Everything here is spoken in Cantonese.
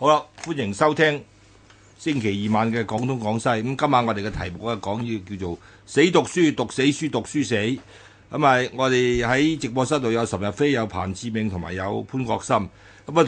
好啦，歡迎收聽星期二晚嘅廣東廣西。咁今晚我哋嘅題目咧講嘢叫做死讀書讀死書讀書死。咁啊、嗯、我哋喺直播室度有岑逸飛，有彭志銘同埋有潘國森。咁啊～